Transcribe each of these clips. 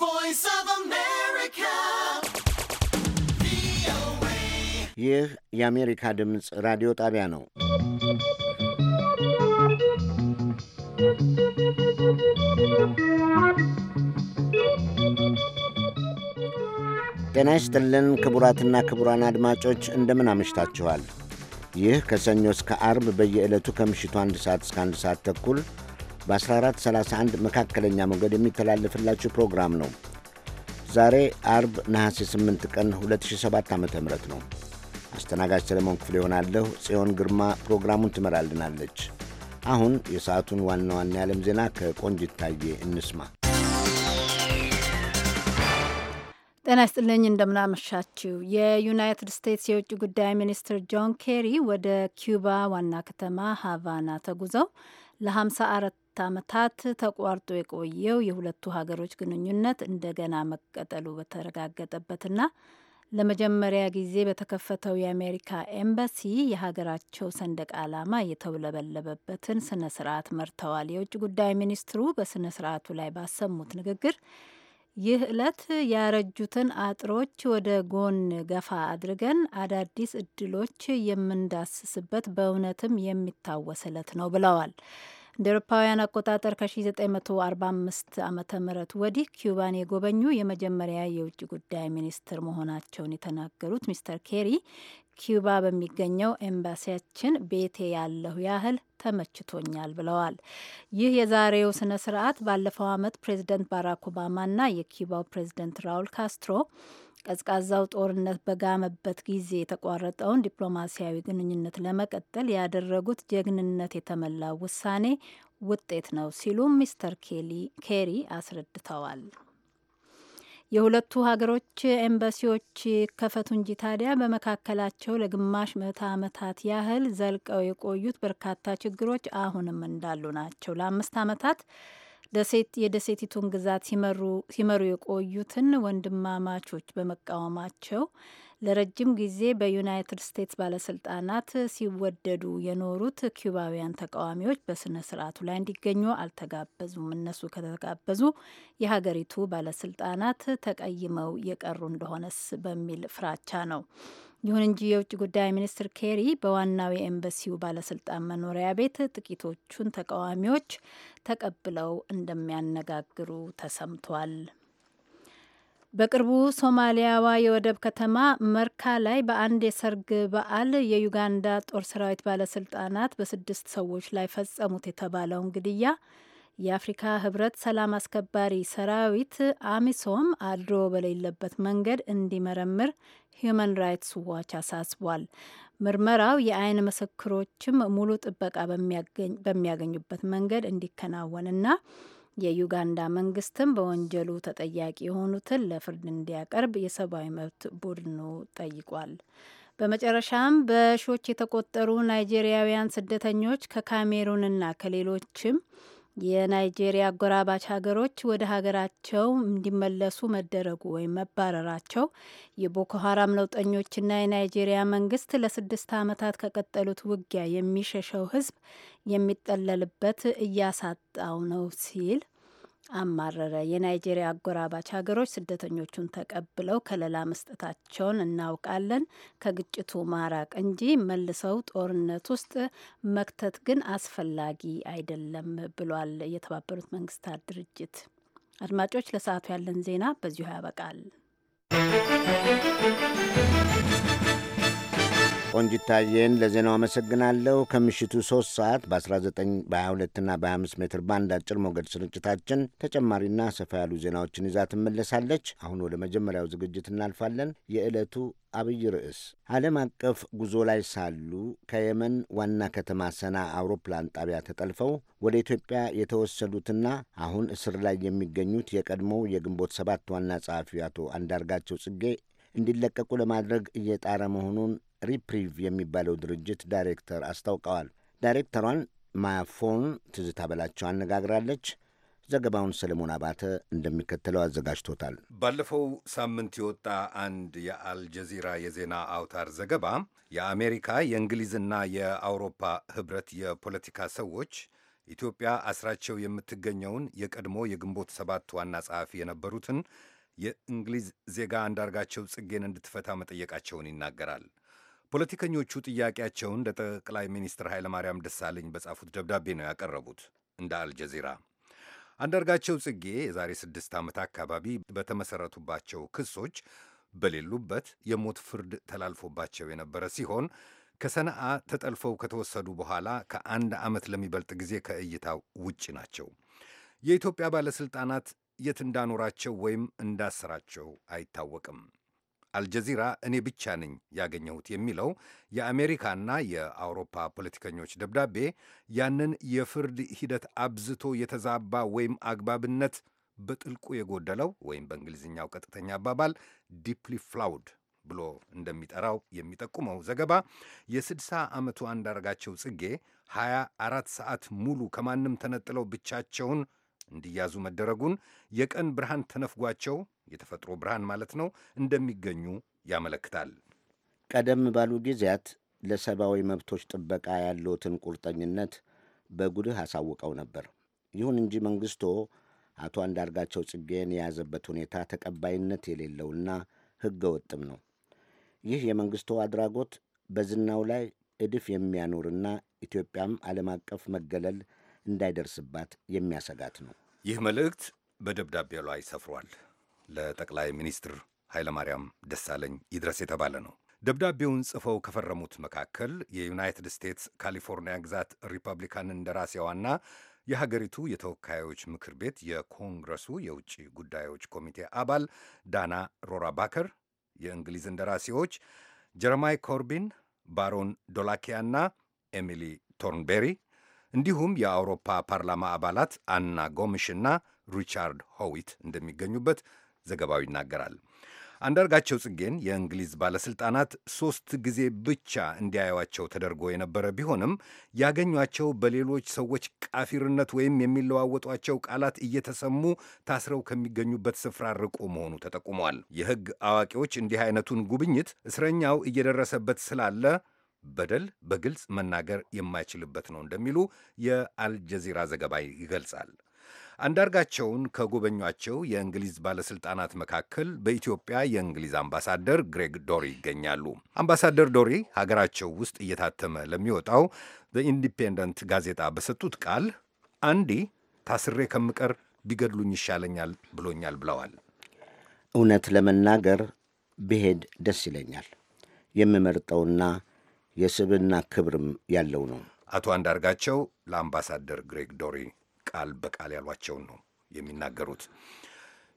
voice of America. ይህ የአሜሪካ ድምፅ ራዲዮ ጣቢያ ነው። ጤና ይስጥልን ክቡራትና ክቡራን አድማጮች እንደምን አመሽታችኋል። ይህ ከሰኞ እስከ አርብ በየዕለቱ ከምሽቱ አንድ ሰዓት እስከ አንድ ሰዓት ተኩል በ1431 መካከለኛ ሞገድ የሚተላለፍላችሁ ፕሮግራም ነው። ዛሬ አርብ ነሐሴ 8 ቀን 2007 ዓ ም ነው። አስተናጋጅ ሰለሞን ክፍሌ ይሆናለሁ። ጽዮን ግርማ ፕሮግራሙን ትመራልናለች። አሁን የሰዓቱን ዋና ዋና የዓለም ዜና ከቆንጅ ታዬ እንስማ። ጤና ይስጥልኝ፣ እንደምናመሻችው። የዩናይትድ ስቴትስ የውጭ ጉዳይ ሚኒስትር ጆን ኬሪ ወደ ኪዩባ ዋና ከተማ ሃቫና ተጉዘው ለ54 ዓመታት ተቋርጦ የቆየው የሁለቱ ሀገሮች ግንኙነት እንደገና መቀጠሉ በተረጋገጠበትና ለመጀመሪያ ጊዜ በተከፈተው የአሜሪካ ኤምባሲ የሀገራቸው ሰንደቅ ዓላማ የተውለበለበበትን ስነ ስርዓት መርተዋል። የውጭ ጉዳይ ሚኒስትሩ በስነ ስርዓቱ ላይ ባሰሙት ንግግር ይህ ዕለት ያረጁትን አጥሮች ወደ ጎን ገፋ አድርገን አዳዲስ እድሎች የምንዳስስበት በእውነትም የሚታወስ ዕለት ነው ብለዋል። እንደ ኤሮፓውያን አቆጣጠር ከ1945 ዓ ም ወዲህ ኪዩባን የጎበኙ የመጀመሪያ የውጭ ጉዳይ ሚኒስትር መሆናቸውን የተናገሩት ሚስተር ኬሪ ኪዩባ በሚገኘው ኤምባሲያችን ቤቴ ያለሁ ያህል ተመችቶኛል ብለዋል። ይህ የዛሬው ስነ ስርዓት ባለፈው ዓመት ፕሬዚደንት ባራክ ኦባማና የኪዩባው ፕሬዚደንት ራውል ካስትሮ ቀዝቃዛው ጦርነት በጋመበት ጊዜ የተቋረጠውን ዲፕሎማሲያዊ ግንኙነት ለመቀጠል ያደረጉት ጀግንነት የተሞላው ውሳኔ ውጤት ነው ሲሉ ሚስተር ኬሪ አስረድተዋል። የሁለቱ ሀገሮች ኤምባሲዎች ከፈቱ እንጂ ታዲያ በመካከላቸው ለግማሽ ምዕተ ዓመታት ያህል ዘልቀው የቆዩት በርካታ ችግሮች አሁንም እንዳሉ ናቸው። ለአምስት ዓመታት ደሴት የደሴቲቱን ግዛት ሲመሩ የቆዩትን ወንድማማቾች በመቃወማቸው ለረጅም ጊዜ በዩናይትድ ስቴትስ ባለስልጣናት ሲወደዱ የኖሩት ኪውባውያን ተቃዋሚዎች በስነ ስርዓቱ ላይ እንዲገኙ አልተጋበዙም። እነሱ ከተጋበዙ የሀገሪቱ ባለስልጣናት ተቀይመው የቀሩ እንደሆነስ በሚል ፍራቻ ነው። ይሁን እንጂ የውጭ ጉዳይ ሚኒስትር ኬሪ በዋናው የኤምበሲው ባለስልጣን መኖሪያ ቤት ጥቂቶቹን ተቃዋሚዎች ተቀብለው እንደሚያነጋግሩ ተሰምቷል። በቅርቡ ሶማሊያዋ የወደብ ከተማ መርካ ላይ በአንድ የሰርግ በዓል የዩጋንዳ ጦር ሰራዊት ባለስልጣናት በስድስት ሰዎች ላይ ፈጸሙት የተባለውን ግድያ የአፍሪካ ህብረት ሰላም አስከባሪ ሰራዊት አሚሶም አድሮ በሌለበት መንገድ እንዲመረምር ሂዩማን ራይትስ ዋች አሳስቧል። ምርመራው የአይን ምስክሮችም ሙሉ ጥበቃ በሚያገኙበት መንገድ እንዲከናወንና የዩጋንዳ መንግስትም በወንጀሉ ተጠያቂ የሆኑትን ለፍርድ እንዲያቀርብ የሰብአዊ መብት ቡድኑ ጠይቋል። በመጨረሻም በሺዎች የተቆጠሩ ናይጄሪያውያን ስደተኞች ከካሜሩንና ከሌሎችም የናይጄሪያ አጎራባች ሀገሮች ወደ ሀገራቸው እንዲመለሱ መደረጉ ወይም መባረራቸው የቦኮ ሀራም ነውጠኞችና የናይጄሪያ መንግስት ለስድስት ዓመታት ከቀጠሉት ውጊያ የሚሸሸው ህዝብ የሚጠለልበት እያሳጣው ነው ሲል አማረረ። የናይጄሪያ አጎራባች ሀገሮች ስደተኞቹን ተቀብለው ከለላ መስጠታቸውን እናውቃለን። ከግጭቱ ማራቅ እንጂ መልሰው ጦርነት ውስጥ መክተት ግን አስፈላጊ አይደለም ብሏል የተባበሩት መንግስታት ድርጅት። አድማጮች፣ ለሰዓቱ ያለን ዜና በዚሁ ያበቃል። ቆንጅታዬን ለዜናው አመሰግናለሁ። ከምሽቱ 3 ሰዓት በ19 በ22ና በ25 ሜትር ባንድ አጭር ሞገድ ስርጭታችን ተጨማሪና ሰፋ ያሉ ዜናዎችን ይዛ ትመለሳለች። አሁን ወደ መጀመሪያው ዝግጅት እናልፋለን። የዕለቱ አብይ ርዕስ ዓለም አቀፍ ጉዞ ላይ ሳሉ ከየመን ዋና ከተማ ሰና አውሮፕላን ጣቢያ ተጠልፈው ወደ ኢትዮጵያ የተወሰዱትና አሁን እስር ላይ የሚገኙት የቀድሞው የግንቦት ሰባት ዋና ጸሐፊ አቶ አንዳርጋቸው ጽጌ እንዲለቀቁ ለማድረግ እየጣረ መሆኑን ሪፕሪቭ የሚባለው ድርጅት ዳይሬክተር አስታውቀዋል። ዳይሬክተሯን ማያፎን ትዝታ በላቸው አነጋግራለች። ዘገባውን ሰለሞን አባተ እንደሚከተለው አዘጋጅቶታል። ባለፈው ሳምንት የወጣ አንድ የአልጀዚራ የዜና አውታር ዘገባ የአሜሪካ የእንግሊዝና የአውሮፓ ህብረት የፖለቲካ ሰዎች ኢትዮጵያ አስራቸው የምትገኘውን የቀድሞ የግንቦት ሰባት ዋና ጸሐፊ የነበሩትን የእንግሊዝ ዜጋ አንዳርጋቸው ጽጌን እንድትፈታ መጠየቃቸውን ይናገራል። ፖለቲከኞቹ ጥያቄያቸውን ለጠቅላይ ሚኒስትር ኃይለማርያም ደሳለኝ በጻፉት ደብዳቤ ነው ያቀረቡት። እንደ አልጀዚራ አንዳርጋቸው ጽጌ የዛሬ ስድስት ዓመት አካባቢ በተመሠረቱባቸው ክሶች በሌሉበት የሞት ፍርድ ተላልፎባቸው የነበረ ሲሆን ከሰነአ ተጠልፈው ከተወሰዱ በኋላ ከአንድ ዓመት ለሚበልጥ ጊዜ ከእይታ ውጭ ናቸው። የኢትዮጵያ ባለሥልጣናት የት እንዳኖራቸው ወይም እንዳሰራቸው አይታወቅም። አልጀዚራ እኔ ብቻ ነኝ ያገኘሁት የሚለው የአሜሪካና የአውሮፓ ፖለቲከኞች ደብዳቤ ያንን የፍርድ ሂደት አብዝቶ የተዛባ ወይም አግባብነት በጥልቁ የጎደለው ወይም በእንግሊዝኛው ቀጥተኛ አባባል ዲፕሊ ፍላውድ ብሎ እንደሚጠራው የሚጠቁመው ዘገባ የ60 ዓመቱ አንዳርጋቸው ጽጌ 24 ሰዓት ሙሉ ከማንም ተነጥለው ብቻቸውን እንዲያዙ መደረጉን የቀን ብርሃን ተነፍጓቸው የተፈጥሮ ብርሃን ማለት ነው እንደሚገኙ ያመለክታል። ቀደም ባሉ ጊዜያት ለሰብአዊ መብቶች ጥበቃ ያለዎትን ቁርጠኝነት በጉልህ አሳውቀው ነበር። ይሁን እንጂ መንግስቶ አቶ አንዳርጋቸው ጽጌን የያዘበት ሁኔታ ተቀባይነት የሌለውና ሕገ ወጥም ነው። ይህ የመንግስቶ አድራጎት በዝናው ላይ እድፍ የሚያኖርና ኢትዮጵያም ዓለም አቀፍ መገለል እንዳይደርስባት የሚያሰጋት ነው። ይህ መልእክት በደብዳቤ ላይ ሰፍሯል። ለጠቅላይ ሚኒስትር ኃይለማርያም ደሳለኝ ይድረስ የተባለ ነው። ደብዳቤውን ጽፈው ከፈረሙት መካከል የዩናይትድ ስቴትስ ካሊፎርኒያ ግዛት ሪፐብሊካን እንደራሴዋና የሀገሪቱ የተወካዮች ምክር ቤት የኮንግረሱ የውጭ ጉዳዮች ኮሚቴ አባል ዳና ሮራ ባከር፣ የእንግሊዝ እንደራሴዎች ጀረማይ ኮርቢን፣ ባሮን ዶላኪያና ኤሚሊ ቶርንቤሪ እንዲሁም የአውሮፓ ፓርላማ አባላት አና ጎምሽና ሪቻርድ ሆዊት እንደሚገኙበት ዘገባው ይናገራል። አንዳርጋቸው ጽጌን የእንግሊዝ ባለሥልጣናት ሦስት ጊዜ ብቻ እንዲያዩቸው ተደርጎ የነበረ ቢሆንም ያገኟቸው በሌሎች ሰዎች ቃፊርነት ወይም የሚለዋወጧቸው ቃላት እየተሰሙ ታስረው ከሚገኙበት ስፍራ ርቆ መሆኑ ተጠቁሟል። የሕግ አዋቂዎች እንዲህ አይነቱን ጉብኝት እስረኛው እየደረሰበት ስላለ በደል በግልጽ መናገር የማይችልበት ነው እንደሚሉ የአልጀዚራ ዘገባ ይገልጻል። አንዳርጋቸውን ከጎበኟቸው የእንግሊዝ ባለሥልጣናት መካከል በኢትዮጵያ የእንግሊዝ አምባሳደር ግሬግ ዶሪ ይገኛሉ። አምባሳደር ዶሪ ሀገራቸው ውስጥ እየታተመ ለሚወጣው በኢንዲፔንደንት ጋዜጣ በሰጡት ቃል አንዲ ታስሬ ከምቀር ቢገድሉኝ ይሻለኛል ብሎኛል ብለዋል። እውነት ለመናገር ብሄድ ደስ ይለኛል። የምመርጠውና የስብና ክብርም ያለው ነው። አቶ አንዳርጋቸው ለአምባሳደር ግሬግ ዶሪ ቃል በቃል ያሏቸውን ነው የሚናገሩት።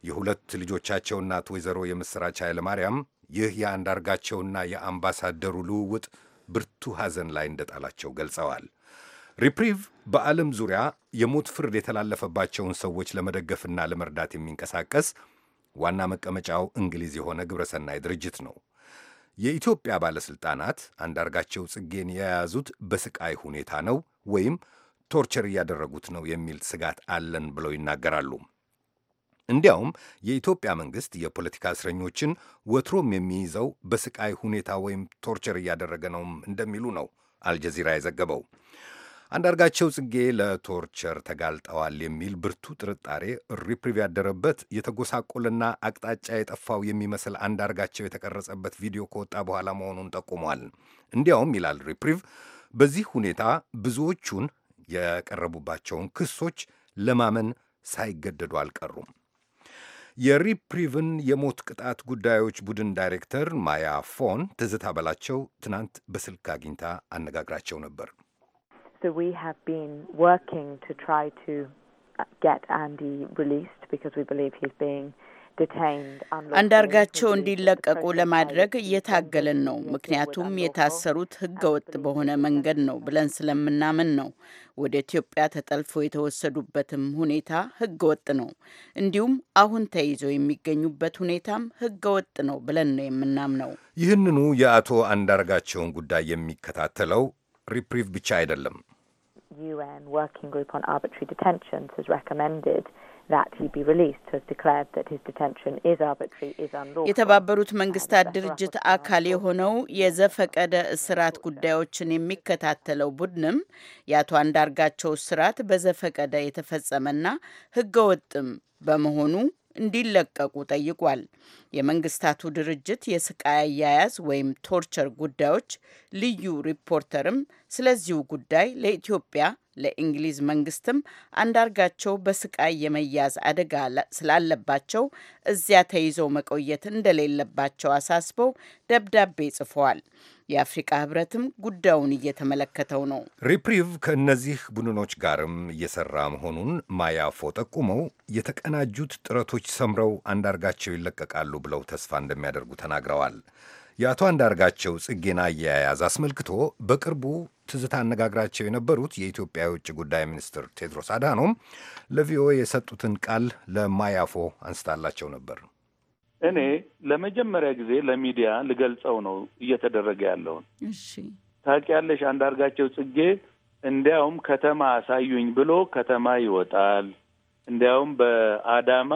የሁለት ልጆቻቸው እናት ወይዘሮ የምሥራች ማርያም ይህ የአንዳርጋቸውና የአምባሳደሩ ልውውጥ ብርቱ ሐዘን ላይ እንደጣላቸው ገልጸዋል። ሪፕሪቭ በዓለም ዙሪያ የሞት ፍርድ የተላለፈባቸውን ሰዎች ለመደገፍና ለመርዳት የሚንቀሳቀስ ዋና መቀመጫው እንግሊዝ የሆነ ግብረሰናይ ድርጅት ነው። የኢትዮጵያ ባለሥልጣናት አንዳርጋቸው ጽጌን የያዙት በስቃይ ሁኔታ ነው ወይም ቶርቸር እያደረጉት ነው የሚል ስጋት አለን ብለው ይናገራሉ። እንዲያውም የኢትዮጵያ መንግስት የፖለቲካ እስረኞችን ወትሮም የሚይዘው በስቃይ ሁኔታ ወይም ቶርቸር እያደረገ ነውም እንደሚሉ ነው አልጀዚራ የዘገበው። አንዳርጋቸው ጽጌ ለቶርቸር ተጋልጠዋል የሚል ብርቱ ጥርጣሬ ሪፕሪቭ ያደረበት የተጎሳቆለና አቅጣጫ የጠፋው የሚመስል አንዳርጋቸው የተቀረጸበት ቪዲዮ ከወጣ በኋላ መሆኑን ጠቁሟል። እንዲያውም ይላል ሪፕሪቭ፣ በዚህ ሁኔታ ብዙዎቹን የቀረቡባቸውን ክሶች ለማመን ሳይገደዱ አልቀሩም። የሪፕሪቭን የሞት ቅጣት ጉዳዮች ቡድን ዳይሬክተር ማያ ፎን ትዝታ በላቸው ትናንት በስልክ አግኝታ አነጋግራቸው ነበር። ሪ አንዳርጋቸው እንዲለቀቁ ለማድረግ እየታገልን ነው። ምክንያቱም የታሰሩት ህገወጥ በሆነ መንገድ ነው ብለን ስለምናምን ነው። ወደ ኢትዮጵያ ተጠልፎ የተወሰዱበትም ሁኔታ ህገወጥ ነው። እንዲሁም አሁን ተይዘው የሚገኙበት ሁኔታም ህገወጥ ነው ብለን ነው የምናምነው። ይህንኑ የአቶ አንዳርጋቸውን ጉዳይ የሚከታተለው ሪፕሪቭ ብቻ አይደለም። የተባበሩት መንግስታት ድርጅት አካል የሆነው የዘፈቀደ እስራት ጉዳዮችን የሚከታተለው ቡድንም የአቶ አንዳርጋቸው እስራት በዘፈቀደ የተፈጸመና ህገወጥም በመሆኑ እንዲለቀቁ ጠይቋል። የመንግስታቱ ድርጅት የስቃይ አያያዝ ወይም ቶርቸር ጉዳዮች ልዩ ሪፖርተርም ስለዚሁ ጉዳይ ለኢትዮጵያ ለእንግሊዝ መንግስትም አንዳርጋቸው በስቃይ የመያዝ አደጋ ስላለባቸው እዚያ ተይዘው መቆየት እንደሌለባቸው አሳስበው ደብዳቤ ጽፈዋል። የአፍሪቃ ህብረትም ጉዳዩን እየተመለከተው ነው። ሪፕሪቭ ከእነዚህ ቡድኖች ጋርም እየሰራ መሆኑን ማያፎ ጠቁመው የተቀናጁት ጥረቶች ሰምረው አንዳርጋቸው ይለቀቃሉ ብለው ተስፋ እንደሚያደርጉ ተናግረዋል። የአቶ አንዳርጋቸው ጽጌን አያያዝ አስመልክቶ በቅርቡ ትዝታ አነጋግራቸው የነበሩት የኢትዮጵያ የውጭ ጉዳይ ሚኒስትር ቴድሮስ አድሃኖም ለቪኦኤ የሰጡትን ቃል ለማያፎ አንስታላቸው ነበር። እኔ ለመጀመሪያ ጊዜ ለሚዲያ ልገልጸው ነው እየተደረገ ያለውን። ታውቂያለሽ፣ አንዳርጋቸው ጽጌ እንዲያውም ከተማ አሳዩኝ ብሎ ከተማ ይወጣል። እንዲያውም በአዳማ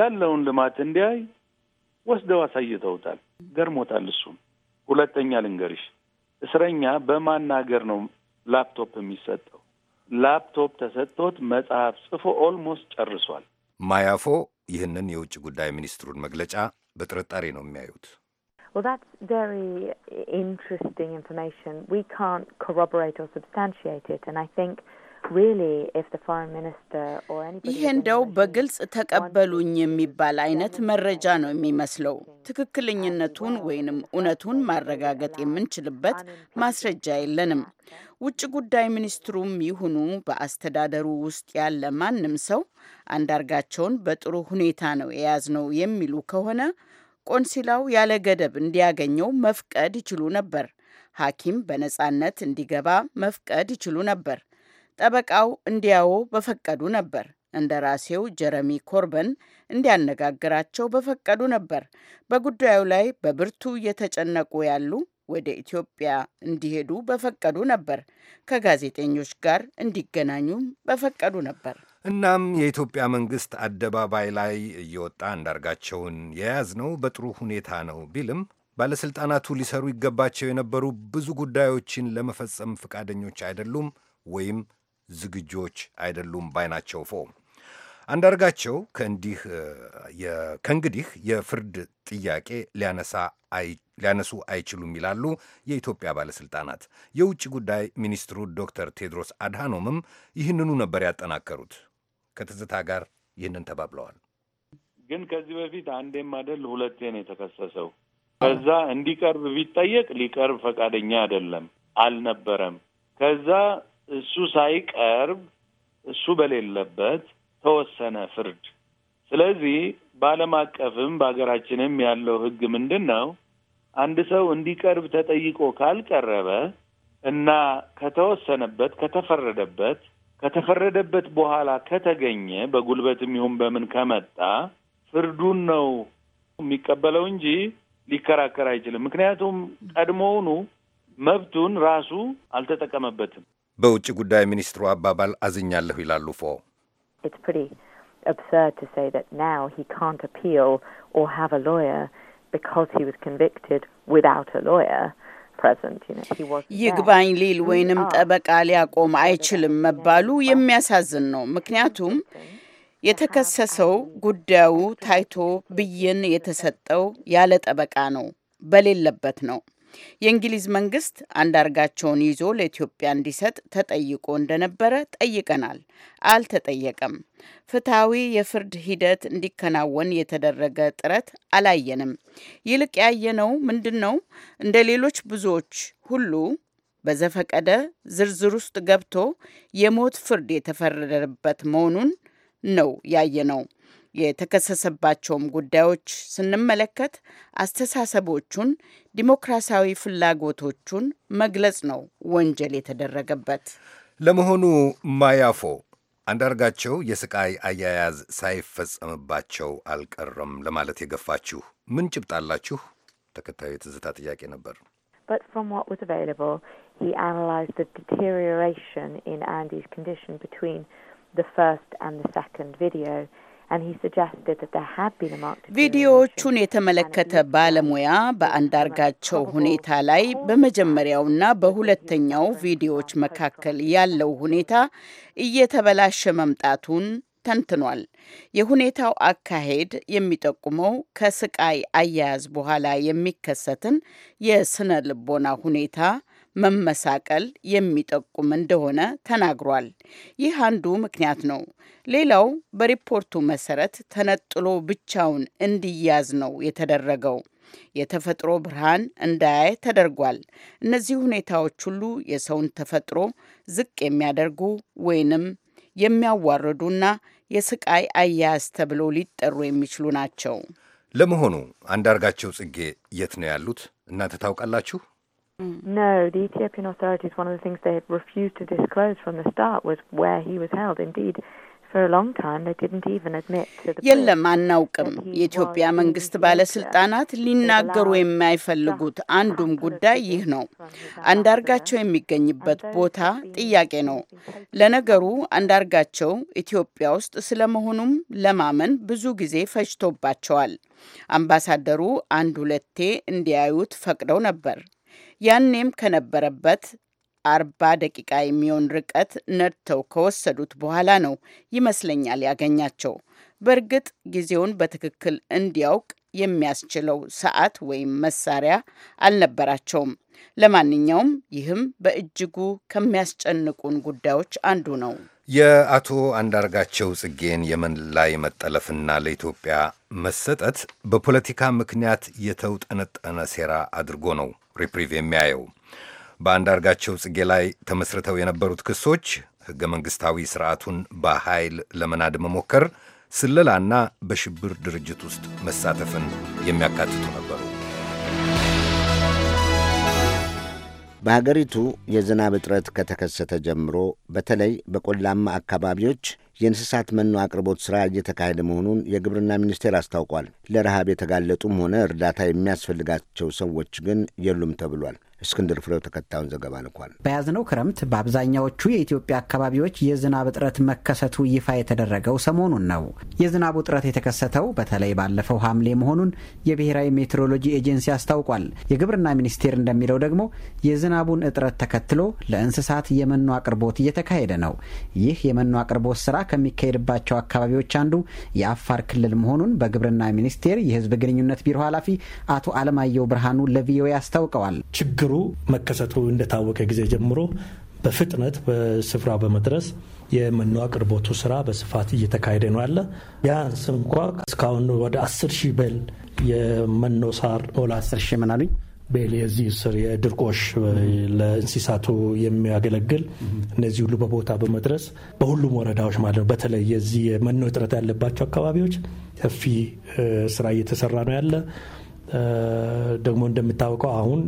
ያለውን ልማት እንዲያይ ወስደው አሳይተውታል። ገርሞታል። እሱም ሁለተኛ ልንገርሽ፣ እስረኛ በማናገር ነው ላፕቶፕ የሚሰጠው? ላፕቶፕ ተሰጥቶት መጽሐፍ ጽፎ ኦልሞስት ጨርሷል። ማያፎ ይህንን የውጭ ጉዳይ ሚኒስትሩን መግለጫ በጥርጣሬ ነው የሚያዩት። ይህ እንደው በግልጽ ተቀበሉኝ የሚባል አይነት መረጃ ነው የሚመስለው። ትክክለኝነቱን uh, ወይንም እውነቱን ማረጋገጥ uh, የምንችልበት ማስረጃ የለንም። ውጭ ጉዳይ ሚኒስትሩም ይሁኑ በአስተዳደሩ ውስጥ ያለ ማንም ሰው አንዳርጋቸውን በጥሩ ሁኔታ ነው የያዝነው የሚሉ ከሆነ ቆንሲላው ያለ ገደብ እንዲያገኘው መፍቀድ ይችሉ ነበር። ሐኪም በነጻነት እንዲገባ መፍቀድ ይችሉ ነበር። ጠበቃው እንዲያው በፈቀዱ ነበር። እንደራሴው ጀረሚ ኮርበን እንዲያነጋግራቸው በፈቀዱ ነበር። በጉዳዩ ላይ በብርቱ እየተጨነቁ ያሉ ወደ ኢትዮጵያ እንዲሄዱ በፈቀዱ ነበር። ከጋዜጠኞች ጋር እንዲገናኙም በፈቀዱ ነበር። እናም የኢትዮጵያ መንግሥት አደባባይ ላይ እየወጣ አንዳርጋቸውን የያዝነው በጥሩ ሁኔታ ነው ቢልም ባለሥልጣናቱ ሊሰሩ ይገባቸው የነበሩ ብዙ ጉዳዮችን ለመፈጸም ፈቃደኞች አይደሉም ወይም ዝግጆች አይደሉም ባይ ናቸው። ፎ አንዳርጋቸው ከእንግዲህ የፍርድ ጥያቄ ሊያነሳ ሊያነሱ አይችሉም ይላሉ የኢትዮጵያ ባለሥልጣናት። የውጭ ጉዳይ ሚኒስትሩ ዶክተር ቴድሮስ አድሃኖምም ይህንኑ ነበር ያጠናከሩት። ከትዝታ ጋር ይህንን ተባብለዋል። ግን ከዚህ በፊት አንዴም አይደል ሁለቴ ነው የተከሰሰው። ከዛ እንዲቀርብ ቢጠየቅ ሊቀርብ ፈቃደኛ አይደለም፣ አልነበረም። ከዛ እሱ ሳይቀርብ እሱ በሌለበት ተወሰነ ፍርድ። ስለዚህ በዓለም አቀፍም በሀገራችንም ያለው ህግ ምንድን ነው? አንድ ሰው እንዲቀርብ ተጠይቆ ካልቀረበ እና ከተወሰነበት ከተፈረደበት ከተፈረደበት በኋላ ከተገኘ በጉልበትም ይሁን በምን ከመጣ ፍርዱን ነው የሚቀበለው እንጂ ሊከራከር አይችልም። ምክንያቱም ቀድሞውኑ መብቱን ራሱ አልተጠቀመበትም። በውጭ ጉዳይ ሚኒስትሩ አባባል አዝኛለሁ ይላሉ ፎ ይግባኝ ሊል ወይንም ጠበቃ ሊያቆም አይችልም መባሉ የሚያሳዝን ነው። ምክንያቱም የተከሰሰው ጉዳዩ ታይቶ ብይን የተሰጠው ያለ ጠበቃ ነው፣ በሌለበት ነው። የእንግሊዝ መንግስት አንዳርጋቸውን ይዞ ለኢትዮጵያ እንዲሰጥ ተጠይቆ እንደነበረ ጠይቀናል። አልተጠየቀም። ፍትሐዊ የፍርድ ሂደት እንዲከናወን የተደረገ ጥረት አላየንም። ይልቅ ያየነው ምንድን ነው? እንደ ሌሎች ብዙዎች ሁሉ በዘፈቀደ ዝርዝር ውስጥ ገብቶ የሞት ፍርድ የተፈረደበት መሆኑን ነው ያየነው። የተከሰሰባቸውም ጉዳዮች ስንመለከት አስተሳሰቦቹን፣ ዲሞክራሲያዊ ፍላጎቶቹን መግለጽ ነው ወንጀል የተደረገበት። ለመሆኑ ማያፎ አንዳርጋቸው የስቃይ አያያዝ ሳይፈጸምባቸው አልቀረም ለማለት የገፋችሁ ምን ጭብጥ አላችሁ? ተከታዩ የትዝታ ጥያቄ ነበር። ቪዲዮዎቹን የተመለከተ ባለሙያ በአንዳርጋቸው ሁኔታ ላይ በመጀመሪያውና በሁለተኛው ቪዲዮዎች መካከል ያለው ሁኔታ እየተበላሸ መምጣቱን ተንትኗል። የሁኔታው አካሄድ የሚጠቁመው ከስቃይ አያያዝ በኋላ የሚከሰትን የስነ ልቦና ሁኔታ መመሳቀል የሚጠቁም እንደሆነ ተናግሯል። ይህ አንዱ ምክንያት ነው። ሌላው በሪፖርቱ መሰረት ተነጥሎ ብቻውን እንዲያዝ ነው የተደረገው። የተፈጥሮ ብርሃን እንዳያይ ተደርጓል። እነዚህ ሁኔታዎች ሁሉ የሰውን ተፈጥሮ ዝቅ የሚያደርጉ ወይንም የሚያዋርዱና የስቃይ አያያዝ ተብሎ ሊጠሩ የሚችሉ ናቸው። ለመሆኑ አንዳርጋቸው ጽጌ የት ነው ያሉት? እናንተ ታውቃላችሁ? Mm. No, the Ethiopian authorities, one of the things they had refused to disclose from the start was where he was held. Indeed, የለም አናውቅም። የኢትዮጵያ መንግስት ባለስልጣናት ሊናገሩ የማይፈልጉት አንዱም ጉዳይ ይህ ነው። አንዳርጋቸው የሚገኝበት ቦታ ጥያቄ ነው። ለነገሩ አንዳርጋቸው ኢትዮጵያ ውስጥ ስለመሆኑም ለማመን ብዙ ጊዜ ፈጅቶባቸዋል። አምባሳደሩ አንድ ሁለቴ እንዲያዩት ፈቅደው ነበር። ያኔም ከነበረበት አርባ ደቂቃ የሚሆን ርቀት ነድተው ከወሰዱት በኋላ ነው ይመስለኛል ያገኛቸው። በእርግጥ ጊዜውን በትክክል እንዲያውቅ የሚያስችለው ሰዓት ወይም መሳሪያ አልነበራቸውም። ለማንኛውም ይህም በእጅጉ ከሚያስጨንቁን ጉዳዮች አንዱ ነው። የአቶ አንዳርጋቸው ጽጌን የመን ላይ መጠለፍና ለኢትዮጵያ መሰጠት በፖለቲካ ምክንያት የተውጠነጠነ ሴራ አድርጎ ነው ሪፕሪቭ የሚያየው። በአንዳርጋቸው ጽጌ ላይ ተመስርተው የነበሩት ክሶች ሕገ መንግሥታዊ ሥርዓቱን በኃይል ለመናድ መሞከር፣ ስለላና በሽብር ድርጅት ውስጥ መሳተፍን የሚያካትቱ ነበሩ። በሀገሪቱ የዝናብ እጥረት ከተከሰተ ጀምሮ በተለይ በቆላማ አካባቢዎች የእንስሳት መኖ አቅርቦት ሥራ እየተካሄደ መሆኑን የግብርና ሚኒስቴር አስታውቋል። ለረሃብ የተጋለጡም ሆነ እርዳታ የሚያስፈልጋቸው ሰዎች ግን የሉም ተብሏል። እስክንድር ፍሬው ተከታዩን ዘገባ ልኳል። በያዝነው ክረምት በአብዛኛዎቹ የኢትዮጵያ አካባቢዎች የዝናብ እጥረት መከሰቱ ይፋ የተደረገው ሰሞኑን ነው። የዝናቡ እጥረት የተከሰተው በተለይ ባለፈው ሐምሌ መሆኑን የብሔራዊ ሜትሮሎጂ ኤጀንሲ አስታውቋል። የግብርና ሚኒስቴር እንደሚለው ደግሞ የዝናቡን እጥረት ተከትሎ ለእንስሳት የመኖ አቅርቦት እየተካሄደ ነው። ይህ የመኖ አቅርቦት ስራ ከሚካሄድባቸው አካባቢዎች አንዱ የአፋር ክልል መሆኑን በግብርና ሚኒስቴር የህዝብ ግንኙነት ቢሮ ኃላፊ አቶ አለማየሁ ብርሃኑ ለቪኦኤ አስታውቀዋል። ችግሩ መከሰቱ እንደታወቀ ጊዜ ጀምሮ በፍጥነት በስፍራ በመድረስ የመኖ አቅርቦቱ ስራ በስፋት እየተካሄደ ነው ያለ። ቢያንስ እንኳ እስካሁን ወደ አስር ሺህ የመኖ ሳር ወደ አስር ሺህ ምን ቤል የዚህ ስር የድርቆሽ ለእንስሳቱ የሚያገለግል እነዚህ ሁሉ በቦታ በመድረስ በሁሉም ወረዳዎች ማለት ነው። በተለይ የዚህ የመኖ እጥረት ያለባቸው አካባቢዎች ሰፊ ስራ እየተሰራ ነው ያለ። ደግሞ እንደሚታወቀው አሁን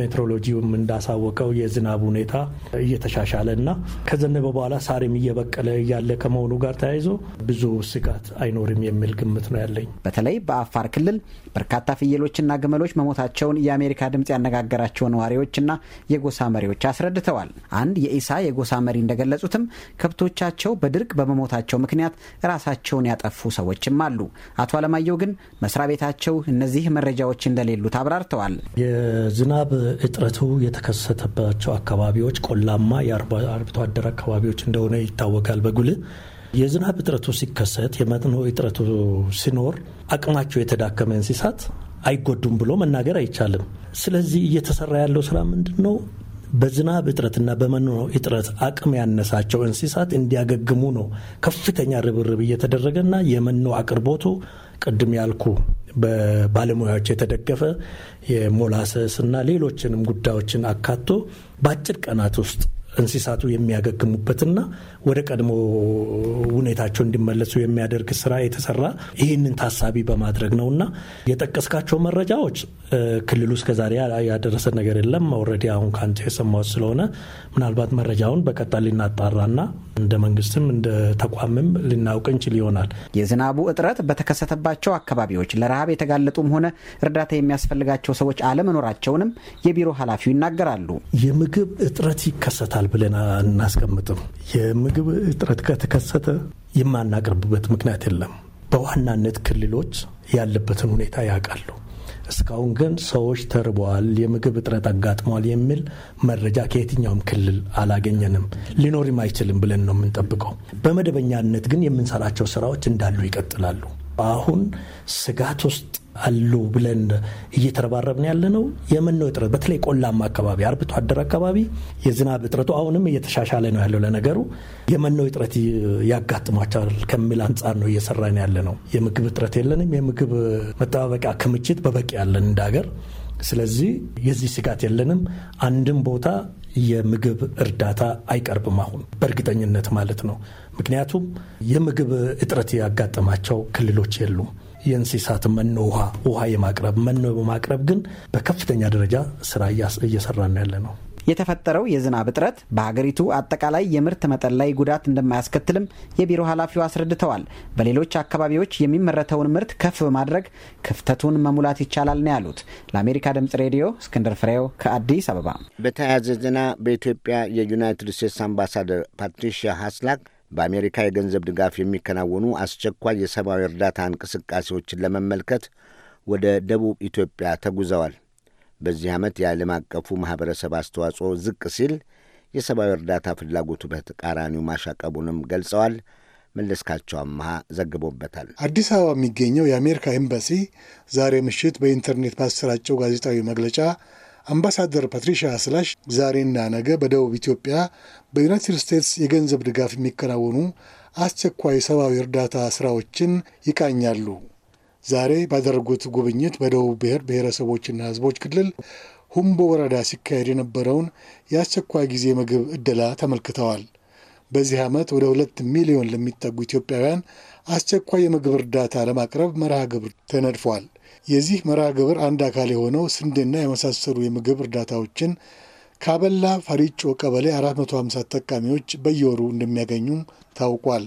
ሜትሮሎጂውም እንዳሳወቀው የዝናብ ሁኔታ እየተሻሻለ እና ከዘነበ በኋላ ሳሬም እየበቀለ እያለ ከመሆኑ ጋር ተያይዞ ብዙ ስጋት አይኖርም የሚል ግምት ነው ያለኝ። በተለይ በአፋር ክልል በርካታ ፍየሎችና ግመሎች መሞታቸውን የአሜሪካ ድምፅ ያነጋገራቸው ነዋሪዎችና የጎሳ መሪዎች አስረድተዋል። አንድ የኢሳ የጎሳ መሪ እንደገለጹትም ከብቶቻቸው በድርቅ በመሞታቸው ምክንያት ራሳቸውን ያጠፉ ሰዎችም አሉ። አቶ አለማየሁ ግን መስሪያ ቤታቸው እነዚህ መረጃዎች እንደሌሉት አብራርተዋል። የዝናብ እጥረቱ የተከሰተባቸው አካባቢዎች ቆላማ የአርብቶ አደር አካባቢዎች እንደሆነ ይታወቃል በጉል የዝናብ እጥረቱ ሲከሰት፣ የመጥኖ እጥረቱ ሲኖር አቅማቸው የተዳከመ እንስሳት አይጎዱም ብሎ መናገር አይቻልም። ስለዚህ እየተሰራ ያለው ስራ ምንድን ነው? በዝናብ እጥረትና በመኖ እጥረት አቅም ያነሳቸው እንስሳት እንዲያገግሙ ነው ከፍተኛ ርብርብ እየተደረገና የመኖ አቅርቦቱ ቅድም ያልኩ በባለሙያዎች የተደገፈ የሞላሰስ እና ሌሎችንም ጉዳዮችን አካቶ በአጭር ቀናት ውስጥ እንስሳቱ የሚያገግሙበትና ወደ ቀድሞ ሁኔታቸው እንዲመለሱ የሚያደርግ ስራ የተሰራ ይህንን ታሳቢ በማድረግ ነው እና የጠቀስካቸው መረጃዎች ክልሉ እስከዛሬ ያደረሰ ነገር የለም። ኦልሬዲ አሁን ከአንተ የሰማሁት ስለሆነ ምናልባት መረጃውን በቀጣይ ልናጣራና እንደ መንግስትም እንደ ተቋምም ልናውቅ እንችል ይሆናል። የዝናቡ እጥረት በተከሰተባቸው አካባቢዎች ለረሃብ የተጋለጡም ሆነ እርዳታ የሚያስፈልጋቸው ሰዎች አለመኖራቸውንም የቢሮ ኃላፊው ይናገራሉ። የምግብ እጥረት ይከሰታል ብለን አናስቀምጥም። የምግብ እጥረት ከተከሰተ የማናቀርብበት ምክንያት የለም። በዋናነት ክልሎች ያለበትን ሁኔታ ያውቃሉ። እስካሁን ግን ሰዎች ተርበዋል፣ የምግብ እጥረት አጋጥሟል የሚል መረጃ ከየትኛውም ክልል አላገኘንም። ሊኖርም አይችልም ብለን ነው የምንጠብቀው። በመደበኛነት ግን የምንሰራቸው ስራዎች እንዳሉ ይቀጥላሉ። አሁን ስጋት ውስጥ አሉ ብለን እየተረባረብን ያለ ነው። የመኖ እጥረት በተለይ ቆላማ አካባቢ፣ አርብቶ አደር አካባቢ የዝናብ እጥረቱ አሁንም እየተሻሻለ ነው ያለው። ለነገሩ የመኖ እጥረት ያጋጥሟቸዋል ከሚል አንጻር ነው እየሰራን ያለ ነው። የምግብ እጥረት የለንም። የምግብ መጠባበቂያ ክምችት በበቂ ያለን እንደ ሀገር። ስለዚህ የዚህ ስጋት የለንም። አንድም ቦታ የምግብ እርዳታ አይቀርብም አሁን በእርግጠኝነት ማለት ነው። ምክንያቱም የምግብ እጥረት ያጋጠማቸው ክልሎች የሉም። የእንስሳት መኖ ውሃ ውሃ የማቅረብ መኖ በማቅረብ ግን በከፍተኛ ደረጃ ስራ እየሰራን ያለ ነው። የተፈጠረው የዝናብ እጥረት በሀገሪቱ አጠቃላይ የምርት መጠን ላይ ጉዳት እንደማያስከትልም የቢሮ ኃላፊው አስረድተዋል። በሌሎች አካባቢዎች የሚመረተውን ምርት ከፍ በማድረግ ክፍተቱን መሙላት ይቻላል ነው ያሉት። ለአሜሪካ ድምጽ ሬዲዮ እስክንድር ፍሬው ከአዲስ አበባ። በተያያዘ ዜና በኢትዮጵያ የዩናይትድ ስቴትስ አምባሳደር ፓትሪሺያ ሀስላክ በአሜሪካ የገንዘብ ድጋፍ የሚከናወኑ አስቸኳይ የሰብአዊ እርዳታ እንቅስቃሴዎችን ለመመልከት ወደ ደቡብ ኢትዮጵያ ተጉዘዋል። በዚህ ዓመት የዓለም አቀፉ ማኅበረሰብ አስተዋጽኦ ዝቅ ሲል የሰብአዊ እርዳታ ፍላጎቱ በተቃራኒው ማሻቀቡንም ገልጸዋል። መለስካቸው አመሃ ዘግቦበታል። አዲስ አበባ የሚገኘው የአሜሪካ ኤምባሲ ዛሬ ምሽት በኢንተርኔት ባሰራጨው ጋዜጣዊ መግለጫ አምባሳደር ፓትሪሻ ስላሽ ዛሬና ነገ በደቡብ ኢትዮጵያ በዩናይትድ ስቴትስ የገንዘብ ድጋፍ የሚከናወኑ አስቸኳይ ሰብአዊ እርዳታ ስራዎችን ይቃኛሉ። ዛሬ ባደረጉት ጉብኝት በደቡብ ብሔር ብሔረሰቦችና ሕዝቦች ክልል ሁምቦ ወረዳ ሲካሄድ የነበረውን የአስቸኳይ ጊዜ ምግብ እደላ ተመልክተዋል። በዚህ ዓመት ወደ ሁለት ሚሊዮን ለሚጠጉ ኢትዮጵያውያን አስቸኳይ የምግብ እርዳታ ለማቅረብ መርሃ ግብር ተነድፏል። የዚህ መርሃ ግብር አንድ አካል የሆነው ስንዴና የመሳሰሉ የምግብ እርዳታዎችን ካበላ ፈሪጮ ቀበሌ 450 ተጠቃሚዎች በየወሩ እንደሚያገኙ ታውቋል።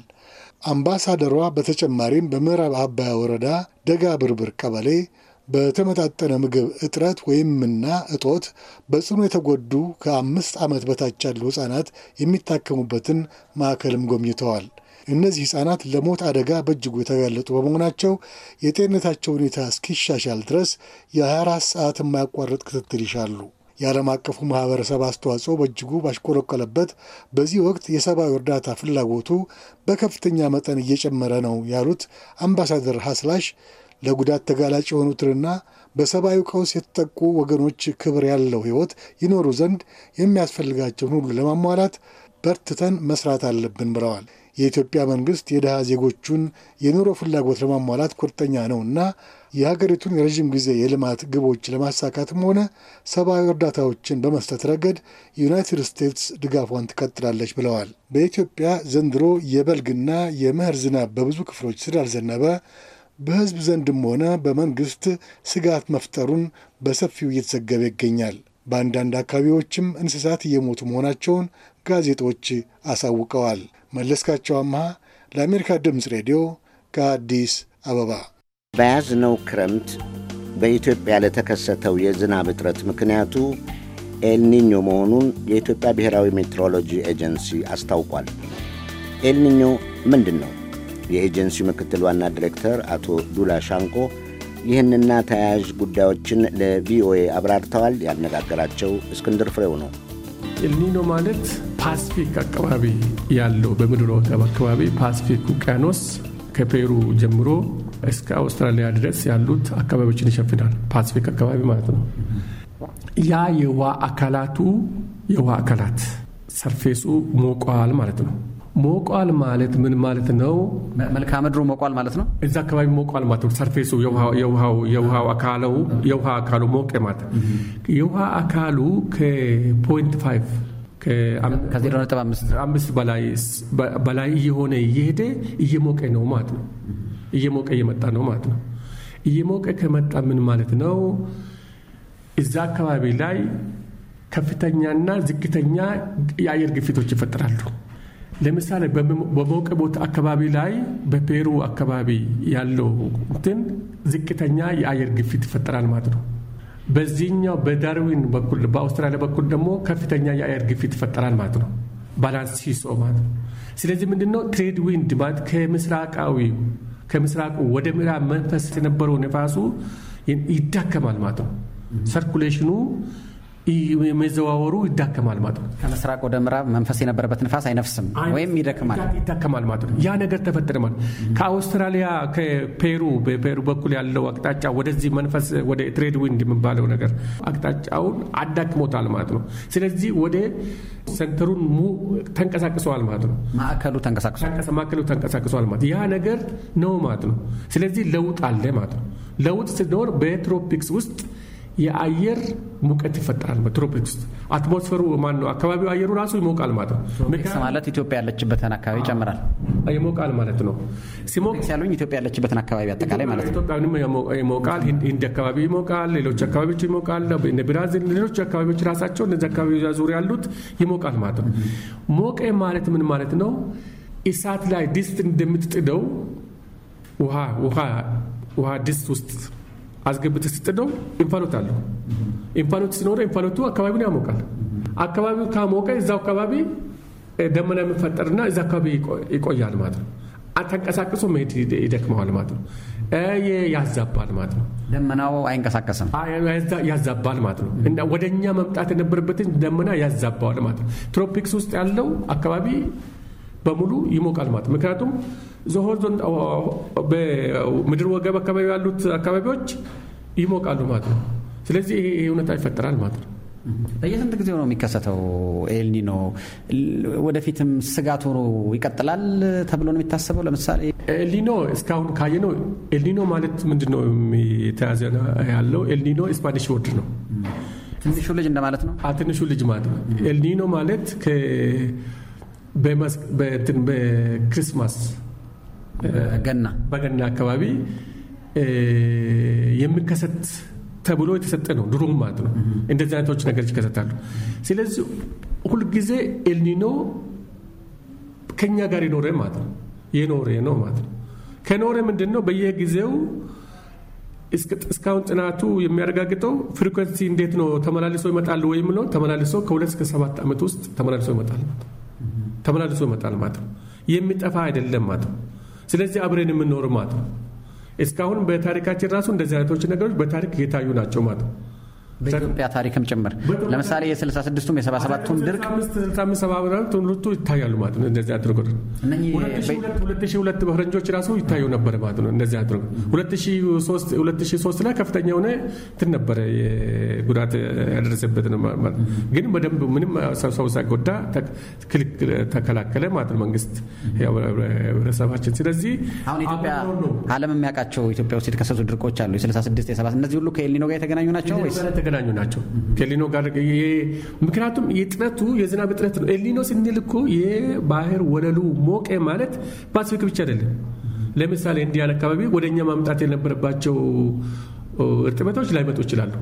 አምባሳደሯ በተጨማሪም በምዕራብ አባያ ወረዳ ደጋ ብርብር ቀበሌ በተመጣጠነ ምግብ እጥረት ወይምና እጦት በጽኑ የተጎዱ ከአምስት ዓመት በታች ያሉ ሕፃናት የሚታከሙበትን ማዕከልም ጎብኝተዋል። እነዚህ ህጻናት ለሞት አደጋ በእጅጉ የተጋለጡ በመሆናቸው የጤንነታቸው ሁኔታ እስኪሻሻል ድረስ የ24 ሰዓት የማያቋርጥ ክትትል ይሻሉ። የዓለም አቀፉ ማህበረሰብ አስተዋጽኦ በእጅጉ ባሽቆለቆለበት በዚህ ወቅት የሰብአዊ እርዳታ ፍላጎቱ በከፍተኛ መጠን እየጨመረ ነው ያሉት አምባሳደር ሀስላሽ ለጉዳት ተጋላጭ የሆኑትንና በሰብአዊ ቀውስ የተጠቁ ወገኖች ክብር ያለው ህይወት ይኖሩ ዘንድ የሚያስፈልጋቸውን ሁሉ ለማሟላት በርትተን መስራት አለብን ብለዋል። የኢትዮጵያ መንግስት የድሃ ዜጎቹን የኑሮ ፍላጎት ለማሟላት ቁርጠኛ እና የሀገሪቱን የረዥም ጊዜ የልማት ግቦች ለማሳካትም ሆነ ሰብአዊ እርዳታዎችን በመስጠት ረገድ ዩናይትድ ስቴትስ ድጋፏን ትቀጥላለች ብለዋል። በኢትዮጵያ ዘንድሮ የበልግና የምህር ዝናብ በብዙ ክፍሎች ስላልዘነበ በህዝብ ዘንድም ሆነ በመንግስት ስጋት መፍጠሩን በሰፊው እየተዘገበ ይገኛል። በአንዳንድ አካባቢዎችም እንስሳት እየሞቱ መሆናቸውን ጋዜጦች አሳውቀዋል። መለስካቸው አምሃ ለአሜሪካ ድምፅ ሬዲዮ ከአዲስ አበባ። በያዝነው ክረምት በኢትዮጵያ ለተከሰተው የዝናብ እጥረት ምክንያቱ ኤልኒኞ መሆኑን የኢትዮጵያ ብሔራዊ ሜትሮሎጂ ኤጀንሲ አስታውቋል። ኤልኒኞ ምንድን ነው? የኤጀንሲው ምክትል ዋና ዲሬክተር አቶ ዱላ ሻንቆ ይህንና ተያያዥ ጉዳዮችን ለቪኦኤ አብራርተዋል። ያነጋገራቸው እስክንድር ፍሬው ነው። ኤልኒኖ ማለት ፓስፊክ አካባቢ ያለው በምድር ወገብ አካባቢ ፓስፊክ ውቅያኖስ ከፔሩ ጀምሮ እስከ አውስትራሊያ ድረስ ያሉት አካባቢዎችን ይሸፍናል። ፓስፊክ አካባቢ ማለት ነው። ያ የውሃ አካላቱ የውሃ አካላት ሰርፌሱ ሞቋል ማለት ነው። ሞቋል ማለት ምን ማለት ነው? መልክዓ ምድሩ ሞቋል ማለት ነው። እዚ አካባቢ ሞቋል ማለት ነው። ሰርፌሱ የውሃው አካለው የውሃ አካሉ ሞቀ ማለት የውሃ አካሉ ከፖይንት ፋይቭ ከአምስት በላይ እየሆነ እየሄደ እየሞቀ ነው ማለት ነው። እየሞቀ እየመጣ ነው ማለት ነው። እየሞቀ ከመጣ ምን ማለት ነው? እዛ አካባቢ ላይ ከፍተኛና ዝቅተኛ የአየር ግፊቶች ይፈጠራሉ። ለምሳሌ በሞቀ ቦታ አካባቢ ላይ በፔሩ አካባቢ ያለው እንትን ዝቅተኛ የአየር ግፊት ይፈጠራል ማለት ነው። በዚህኛው በዳርዊን በኩል በአውስትራሊያ በኩል ደግሞ ከፍተኛ የአየር ግፊት ይፈጠራል ማለት ነው። ባላንስ ሲሶ ማለት ነው። ስለዚህ ምንድነው ትሬድ ዊንድ ማለት ከምስራቃዊ ከምስራቁ ወደ ምዕራብ መንፈስ የነበረው ነፋሱ ይዳከማል ማለት ነው። ሰርኩሌሽኑ መዘዋወሩ ይዳከማል ማለት ነው። ከምስራቅ ወደ ምዕራብ መንፈስ የነበረበት ንፋስ አይነፍስም ወይም ይደክማል ይዳከማል ማለት ነው። ያ ነገር ተፈጠረ ማለት ከአውስትራሊያ ከፔሩ በፔሩ በኩል ያለው አቅጣጫ ወደዚህ መንፈስ ወደ ትሬድ ዊንድ የሚባለው ነገር አቅጣጫውን አዳክሞታል ማለት ነው። ስለዚህ ወደ ሰንተሩን ሙ ተንቀሳቅሰዋል ማለት ነው። ማዕከሉ ተንቀሳቅሰዋል ማለት ያ ነገር ነው ማለት ነው። ስለዚህ ለውጥ አለ ማለት ነው። ለውጥ ሲኖር በትሮፒክስ ውስጥ የአየር ሙቀት ይፈጠራል። በትሮፒክ ውስጥ አትሞስፈሩ ማን ነው አካባቢው አየሩ ራሱ ይሞቃል ማለት ነው። ማለት ኢትዮጵያ ያለችበትን አካባቢ ይጨምራል ይሞቃል ማለት ነው። ሲሞቅ ያሉኝ ኢትዮጵያ ያለችበትን አካባቢ አጠቃላይ ማለት ነው ይሞቃል። ህንድ አካባቢ ይሞቃል፣ ሌሎች አካባቢዎች ይሞቃል። ብራዚል፣ ሌሎች አካባቢዎች ራሳቸው እነዚህ አካባቢ ዙሪያ ያሉት ይሞቃል ማለት ነው። ሞቀ ማለት ምን ማለት ነው? እሳት ላይ ድስት እንደምትጥደው ውሃ ውሃ ድስት ውስጥ አስገብተ ስትጥደው እንፋሎት አለው። እንፋሎት ሲኖረ እንፋሎቱ አካባቢውን ያሞቃል። አካባቢው ካሞቀ እዛው አካባቢ ደመና የሚፈጠርና እዛ አካባቢ ይቆያል ማለት ነው። ተንቀሳቅሶ መሄድ ይደክመዋል ማለት ነው። ያዛባል ማለት ነው። ደመናው አይንቀሳቀስም፣ ያዛባል ማለት ነው። እና ወደ እኛ መምጣት የነበረበትን ደመና ያዛባዋል ማለት ነው። ትሮፒክስ ውስጥ ያለው አካባቢ በሙሉ ይሞቃል ማለት ነው። ምክንያቱም ዞን በምድር ወገብ አካባቢ ያሉት አካባቢዎች ይሞቃሉ ማለት ነው። ስለዚህ ይሄ እውነታ ይፈጠራል ማለት ነው። በየስንት ጊዜው ነው የሚከሰተው ኤልኒኖ? ወደፊትም ስጋቱ ይቀጥላል ተብሎ ነው የሚታሰበው? ለምሳሌ ኤልኒኖ እስካሁን ካየ ነው። ኤልኒኖ ማለት ምንድን ነው የተያዘ ያለው? ኤልኒኖ ስፓኒሽ ወርድ ነው። ትንሹ ልጅ እንደማለት ነው። ትንሹ ልጅ ማለት ነው። ኤልኒኖ ማለት በክሪስማስ ገና በገና አካባቢ የሚከሰት ተብሎ የተሰጠ ነው። ድሮም ማለት ነው እንደዚህ አይነቶች ነገሮች ይከሰታሉ። ስለዚህ ሁልጊዜ ኤልኒኖ ከኛ ጋር የኖረ ማለት ነው የኖረ ነው ማለት ነው። ከኖረ ምንድን ነው በየጊዜው እስካሁን ጥናቱ የሚያረጋግጠው ፍሪኮንሲ እንዴት ነው ተመላልሶ ይመጣል ወይም ነው ተመላልሶ ከሁለት እስከ ሰባት ዓመት ውስጥ ተመላልሶ ይመጣል ተመላልሶ ይመጣል ማለት ነው። የሚጠፋ አይደለም ማለት ነው። ስለዚህ አብረን የምንኖር ማለት ነው። እስካሁን በታሪካችን ራሱ እንደዚህ አይነቶች ነገሮች በታሪክ የታዩ ናቸው ማለት ነው። በኢትዮጵያ ታሪክም ጭምር ለምሳሌ የ66ቱም የ77ቱም ድርቅ ሁለቱ ይታያሉ ማለት ነው። እንደዚህ አድርጎ ሁለት በፈረንጆች ራሱ ይታዩ ነበረ ማለት ነው። እንደዚህ አድርጎ 2003 ላይ ከፍተኛ የሆነ እንትን ነበረ ጉዳት ያደረሰበት ነው። ግን በደንብ ምንም ሰው ሳይጎዳ ተከላከለ ማለት ነው መንግስት ህብረተሰባችን። ስለዚህ አሁን ኢትዮጵያ ዓለም የሚያውቃቸው ኢትዮጵያ ውስጥ የተከሰቱ ድርቆች አሉ የ66 እነዚህ ሁሉ ከኤልኒኖ ጋር የተገናኙ ናቸው ወይስ የተገናኙ ናቸው ከሊኖ ጋር። ምክንያቱም የጥረቱ የዝናብ እጥረት ነው። ኤሊኖ ስንል እኮ የባህር ወለሉ ሞቀ ማለት ፓሲፊክ ብቻ አይደለም። ለምሳሌ እንዲያን አካባቢ ወደኛ ማምጣት የነበረባቸው እርጥበቶች ላይመጡ ይችላሉ።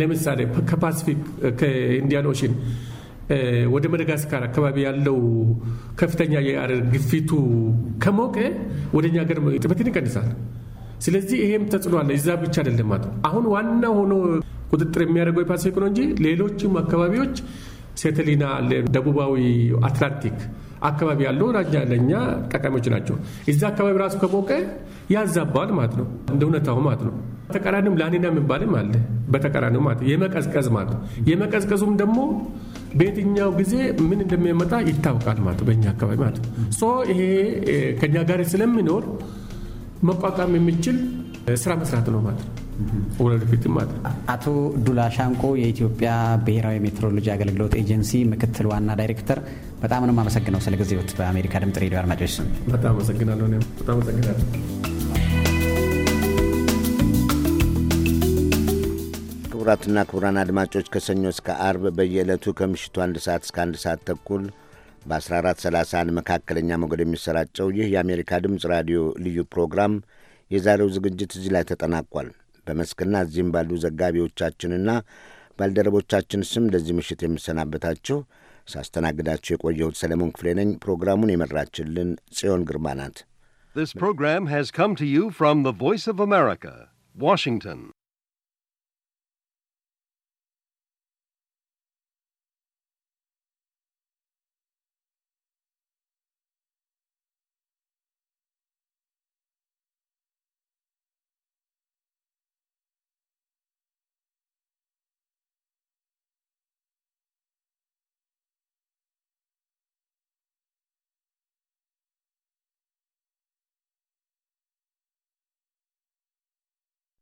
ለምሳሌ ከፓስፊክ ከኢንዲያን ኦሽን ወደ መደጋስካር አካባቢ ያለው ከፍተኛ የአየር ግፊቱ ከሞቀ ወደኛ ገር እርጥበትን ይቀንሳል። ስለዚህ ይሄም ተጽዕኖ አለ። እዛ ብቻ አይደለም ማለት አሁን ዋና ሆኖ ቁጥጥር የሚያደርገው የፓሲፊክ ነው እንጂ ሌሎችም አካባቢዎች ሴትሊና ደቡባዊ አትላንቲክ አካባቢ ያለው ራጃ ለእኛ ጠቃሚዎች ናቸው። እዚ አካባቢ ራሱ ከሞቀ ያዛባዋል ማለት ነው፣ እንደ እውነታው ማለት ነው። ተቃራኒም ላኒና የሚባልም አለ። በተቃራኒው ማለት የመቀዝቀዝ ማለት ነው። የመቀዝቀዙም ደግሞ በየትኛው ጊዜ ምን እንደሚመጣ ይታወቃል ማለት በእኛ አካባቢ ማለት ሶ ይሄ ከኛ ጋር ስለሚኖር መቋቋም የሚችል ስራ መስራት ነው ማለት ነው። አቶ ዱላ ሻንቆ የኢትዮጵያ ብሔራዊ ሜትሮሎጂ አገልግሎት ኤጀንሲ ምክትል ዋና ዳይሬክተር፣ በጣም ነው የማመሰግነው ስለ ጊዜዎት በአሜሪካ ድምጽ ሬዲዮ አድማጮች ስም በጣም አመሰግናለሁ። በጣም አመሰግናለሁ። ክቡራትና ክቡራን አድማጮች ከሰኞ እስከ አርብ በየዕለቱ ከምሽቱ አንድ ሰዓት እስከ አንድ ሰዓት ተኩል በ1431 መካከለኛ ሞገድ የሚሰራጨው ይህ የአሜሪካ ድምፅ ራዲዮ ልዩ ፕሮግራም የዛሬው ዝግጅት እዚህ ላይ ተጠናቋል። በመስክና እዚህም ባሉ ዘጋቢዎቻችንና ባልደረቦቻችን ስም ለዚህ ምሽት የምሰናበታችሁ ሳስተናግዳችሁ የቆየሁት ሰለሞን ክፍሌ ነኝ። ፕሮግራሙን የመራችልን ጽዮን ግርማ ናት። This program has come to you from the Voice of America, Washington.